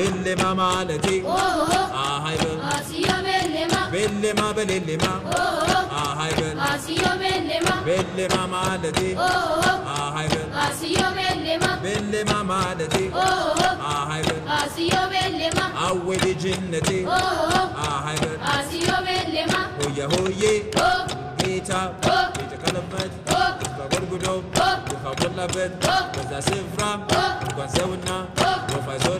Oh oh, bellema Asiya ahay bel asiyo bellema bellema belellema ahay bel asiyo bellema bellema malati ahay bel asiyo bellema bellema malati ahay bel oh, bellema ah, awwal jannati ahay bel asiyo bellema hoye hoye ጌታ ቤተ ከለመት በጎድጉዶ Oh ሞላበት oh ስፍራ Oh, ሰውና Oh, አይዞር ah,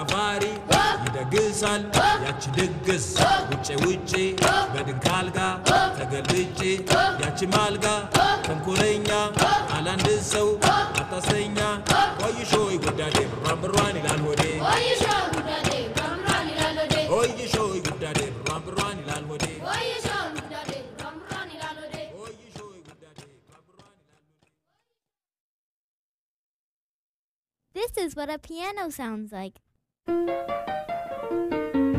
ተቀባሪ ይደግሳል ያቺ ድግስ ውጭ ውጭ በድንካልጋ ተገልጭ ያቺ ማልጋ ተንኮለኛ አላንድ ሰው አታሰኛ ቆይሾ ጉዳዴ ብሯን ብሯን ይላል ወዴ ቆይሾይ ጉዳዴ ብሯን ብሯን ይላል ወዴ This is what a piano sounds like. Thank you.